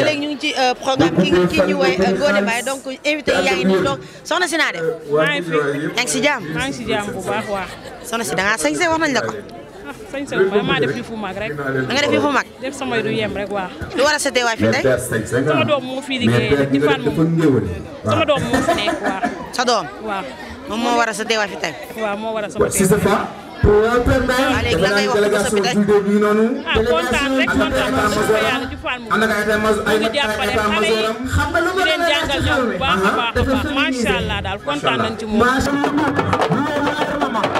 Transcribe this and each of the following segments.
ba léegi ñu ngi ci euh, programme ki ki ñu woy Ngoné Mbaye donc invité yi yaa ngi nii donc soxna si naa def. maa ngi fi yaa ngi si jàmm. maa ngi si jàmm bu baax waax. soxna si da ngaa sañse wax nañ la ko. ah sañse bu baax maa def fii fu mag rek. da nga def fii fu mag. def samay du yem rek waax. lu war a setee waay fii tey. sama doom moo fi liggéey rek ci fan moom sama doom moo fi nekk waax. sa doom. waaw moom moo war a setee waay fii tey. waaw moo war a sama léegi lan ngay wax ci bés bi tey kontaan rek kontaan nañu si sa yàlla jufaan mu ngi jàppale xale yi ah, baax a baax a baax macha allah daal kontaan nañu ci moom.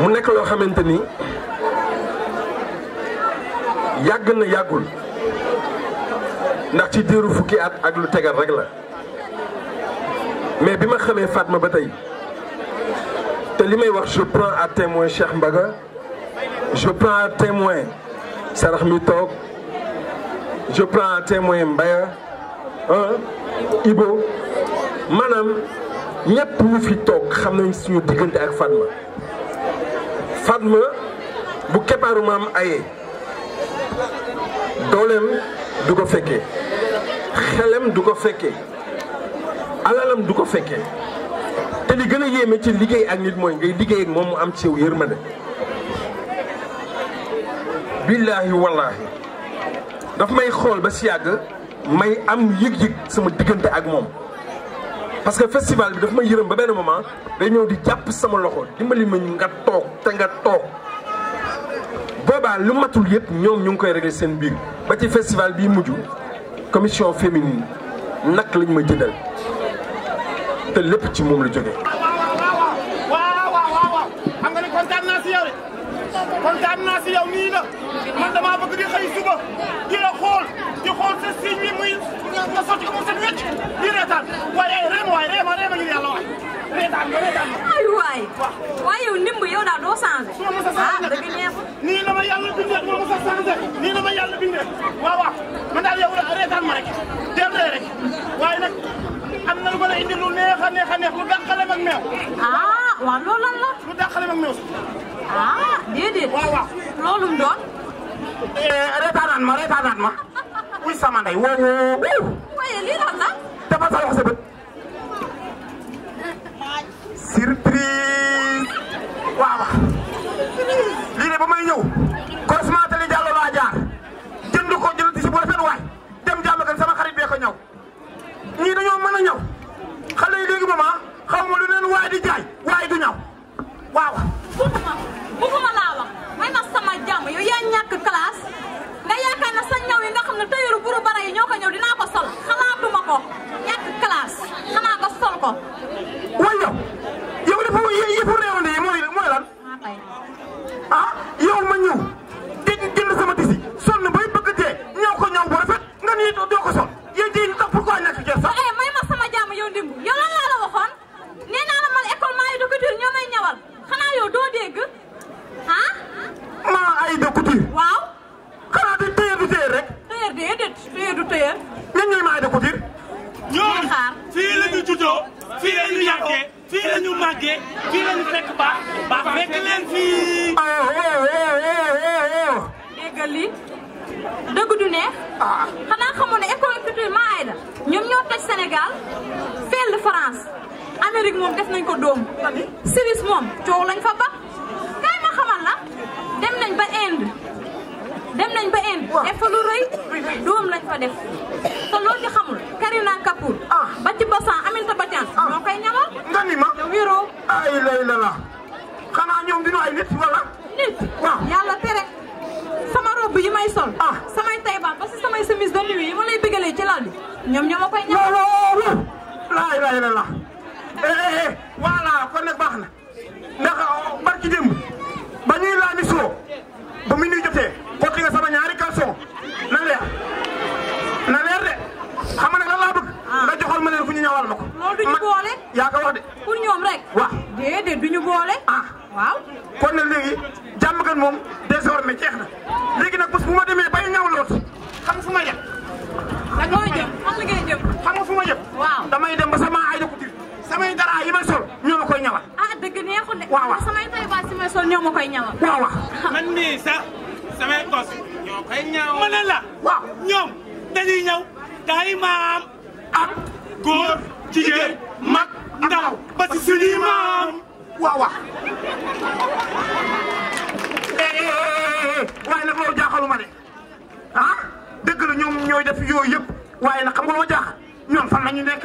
mu nekk loo xamante ni yàgg na yàggul ndax ci diiru fukki at ak lu tegal rek la mais bi ma xamee Fatma ba tey te li may wax je prends à témoin Cheikh Mbaga je prends à témoin Sarax mi toog je prends à témoin Mbaya ah hein, Ibo maanaam ñëpp ñu fi toog xam nañ suñu diggante ak Fatma. Fatma bu keppaaru maam aye dooleem du ko fekkee xelem du ko fekke alalam du ko fekke te li gën a yéeme ci liggéey ak nit mooy ngay liggéey ak moom mu am ci yow yërmande billaahi wallaahi daf may xool ba si yàgg may am yëg-yëg sama diggante ak moom parce que festival bi daf ma yërëm ba benn moment day ñëw di jàpp sama loxo dimbali ma nga toog te nga toog boobaa lu matul yëpp ñoom ñu ngi koy réglé seen biir ba ci festival bii mujj commission féminine nak lañ ma jëndal te lépp ci moom la jógee. waaw waaw waaw xam nga ne kontaan si yow de kontaan naa si yow nii la man damaa bëgg di xëy suba. te signe bi muy nga sotti ko mu set wécc di reetaan waaye ay reema waay reema reema ngir yàlla waay reetaan nga reetaan ay waay waaye yow ndimb yow daal doo changé ah dëgg neex nii la ma yàlla bindee moo ma sa changé nii la ma yàlla bindee waaw waaw man daal yow reetaan ma rek dem dee rek waaye nag am na lu ma la indi lu neex a neex a neex lu dàqale mag meew ah waaw loolu lan la lu dàqale mag meew ah déedéet waaw waaw loolu mu doon reetaanaat ma reetaanaat ma wuy sama ndey woo woo woo. waaye lii lan la. dafa sa loxo bët. surprise. waaw waaw. lii de ba may ñëw. croisement tali Diallo laa jaar. jënd ko jënd tissu bu rafet waay. dem Diallo kan sama xarit bee ko ñëw. ñii dañoo mën a ñëw. xale yi léegi mama xaw ma lu leen waay di jaay waay du ñëw def te loo ci xamul Karina Kapoor ah, ba ci Basan Aminata Badiane ah. ñoo koy ñamal nga ni ma wéroo ay lay la la xanaa ñoom dina ay nit wala nit waaw yàlla tere sama robe yi may sol ah. samay taybaan ba si samay chemise de yi ma lay bëggalee ci lal bi ñoom ñoo ma koy ñamal loolu lay la la eh, eh, eh. voilà kon nag baax na ndax oh, barki démb ba ñuy laa ni soo ba mu nuy jotee porté nga sama ñaari caleçon waxal ma leen fu ñu ñawal ma ko. loolu boole. yaa ko wax de. pour rek. boole. ah waaw. kon nag léegi kan moom désormais jeex na nak nag bés bu bay ñaw loot xam fu ma yem. nag looy jëm fan la ngay jëm. xam fu ma jëm. waaw damay dem ba sama ay da couture samay dara yi sol koy ah dëgg neexul de. waaw samay tay baas yi sol ñoo koy ñawal. waaw man mii sax samay kos ñoo koy ñawal. waaw dañuy ñaw ah. góor jigéen mag ndaw ba ci suñuy maam waaw waaw eh, eh, eh, waaye nag loolu jaaxaluma ne ah dëgg la ñoom def yooyu yëpp waaye nag xam nga ñoom fan la nekk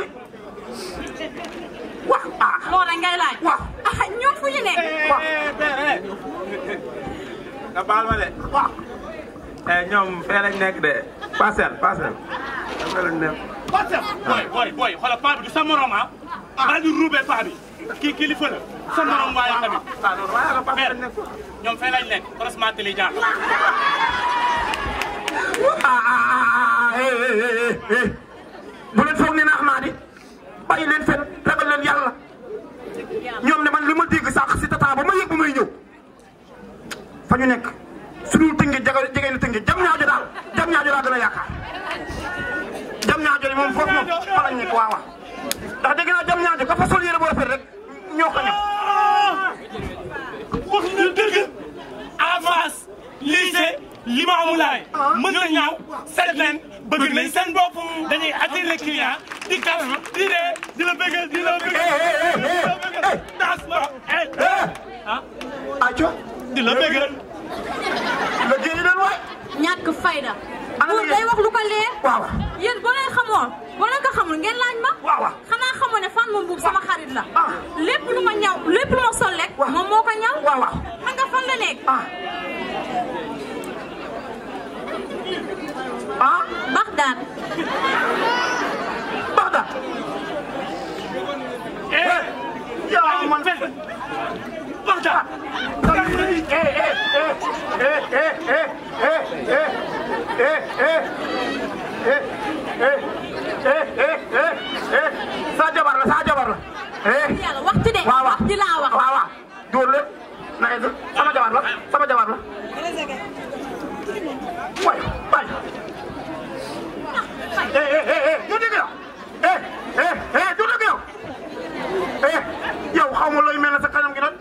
waaw ah. loolu ngay laaj. waaw ah, ñoom fu ñu nekk. waaw. baal ma de. waaw. ñoom fee lañ nekk de parcelle parcelle. Bacha! Boy, boy, boy, xoolal paa bi du sa morom ah. ah du ruubee paa bi. kii kilifa la sa morom waaye tamit. ah, ah la paa bi nekk ko. ñoom fee bu ne naax naa di fen ragal leen yàlla ñoom ne man li dégg sànq si tata ba ma yëg bu may ñëw fa na jam jam xamante ni moom foofu moom fa lañ nekk waaw ndax dégg naa jam ñaati ko fa sol yére bu rafet rek ñoo ko ñam wax na dëgg en face lycée Limamou Laye ah. mën na ñaaw seet leen bëgg nañ seen bopp dañuy attiré client di kaf di dee di la bëggal di la bëggal eh, eh, eh, tas ma ah aco di la bëggal la génn doon waay ñàkk fayda buur day wax lu ko leer waaw yéen boo leen xamoon boo leen ko xamul ngeen laaj ma waaw xanaa xamoo ne fan moom buur sama xarit la ah. lépp eh eh eh eh eh eh, eh. sa jabar la sa jabar la. yàlla waxtu de. waaw waaw di laa wax waaw waaw. dóor la na ngeen sama jabar la sama jabar la. waay waay. du dëgg yow. du dëgg yow. yow xaw ma looy mel na sa kanam gi nag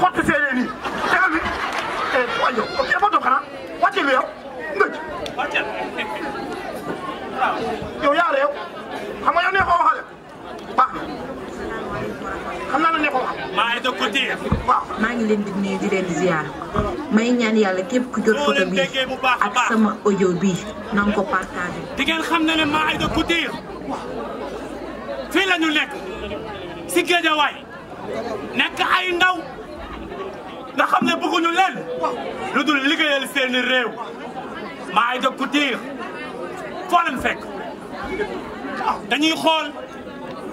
xotti séeréer nii. tegal bi waay yow ok ma doon xanaa. wàccal yow ngëj yow yaa reew xam naa la neexoo wax maa de ko téye waaw maa ngi leen di nuyu di leen ziar may ñaan yàlla képp ku jot photo bi ak sama audio bi na nga xam ne ne maa de ko téye fii la ñu nekk si géejawaay nekk ay ndaw nga xam ne bëgguñu leen lu dul liggéeyal seeni réew maa ngi dëkku tiir fekk dañuy xool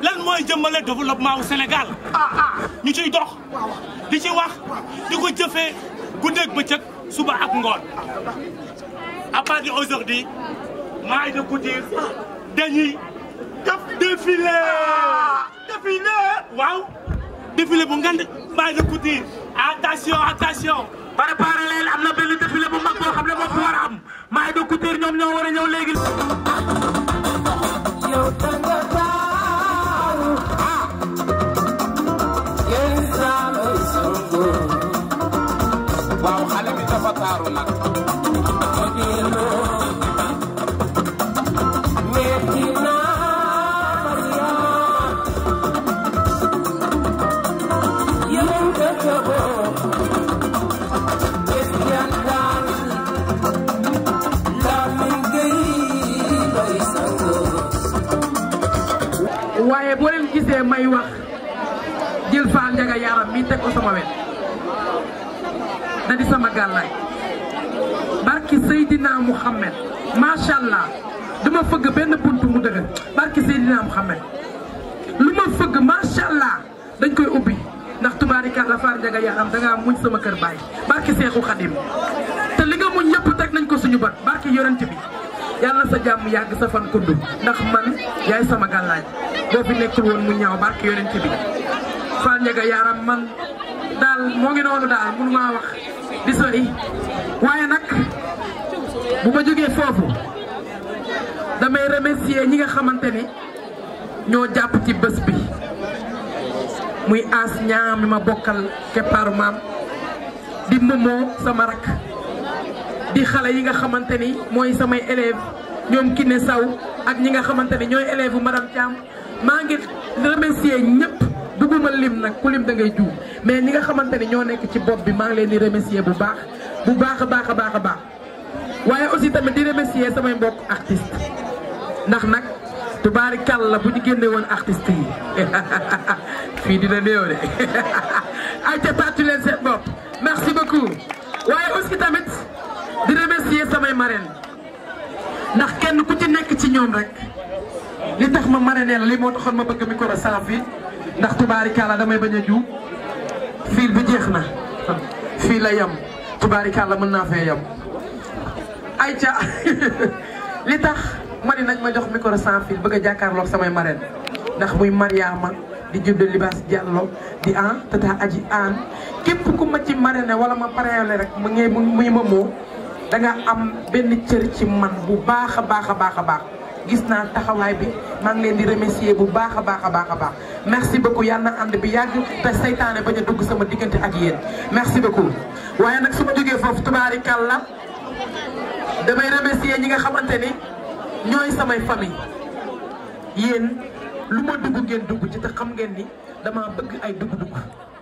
lan mooy jëmbale développement wu senegal ñu ciy dox di ci wax di ko jëfee guddeeg bëccëg suba ak ngoon à partir d'aujourd'hui maa ngi dëkku tiir dañuy def défilé ah, défilé waaw défilé bu ngand maa ngi dëkku attention attention. préparé leen am na benn défilé bu mag boo xam ne moo fi war a am maa ngi doon couture ñoom ñoo war a ñëw léegi. Ah. waaw xale bi dafa taaru nag. may wax jël faa njaga sama wet da di sama gàllaay barki Seydina Mouhamed macha allah duma fëgg benn bunt mu dëgër barki Seydina Mouhamed lu fëgg macha allah dañ koy ubbi ndax tubaarikàlla faa njaga yaram dangaa muñ sama kër baay barki Seexu Xadim te li nga muñ ñëpp teg nañ ko suñu bat barki yorant bi yalla sa jamm yag sa fan kundu ndax man yaay sama galaj. bo fi nekkul won mu ñaaw barke yonent bi Fall ñega yaram man dal mo ngi nonu dal mu ma wax di sori waye nak bu ma joge fofu damay remercier ñi nga xamanteni ni ñoo jàpp ci bëss bi muy as ñaam ma bokkal paru mam di momo sama rak di xala yi nga xamanteni moy mooy samay élève ki ne Saw ak ñi nga xamanteni ñoy élève madame Thiam ma ngi remercier ñepp duguma lim nak ku lim da ngay juu mais ñi nga xamanteni ño nek ci bop bi ma ngi leen di remercier bu baax bu baax baax baax baax waye aussi tamit di remercier samay mbokk artiste ndax nak tubarakallah bu ñu artiste yi dina neew de ay bop merci beaucoup waye aussi tamit samay marraine ndax kenn ku ci nek ci ñoom rek li tax ma marraine li mo taxon ma bëgg micro saaf bi ndax tubaarikàlla damay baña ju fil bi jeexna na la yam tubaarikàlla mën naa fee yem ay ca li tax ma nañ ma jox micro bëgg jaakar lok samay marraine ndax muy Mariama di judul libas Diallo di an tata aji an képp ku ma ci marraine wala ma pareele rek mu ngey mu mo da nga am ben cieur ci man bu baakha baakha baakha a baax gis na taxaway bi ma ngi len di remercier bu baakha baakha baakha a baax merci beaucoup yalla and bi yag te setan baña a dugg sama digënté ak yeen merci beaucoup. waye nak suma joggé fofu foofu damay remercier ñi nga xamanteni ñoy ñooy samay famille yeen luma ma dugg ngeen dugg ci te xam ngeen ni dama bëgg ay dugg-dugg.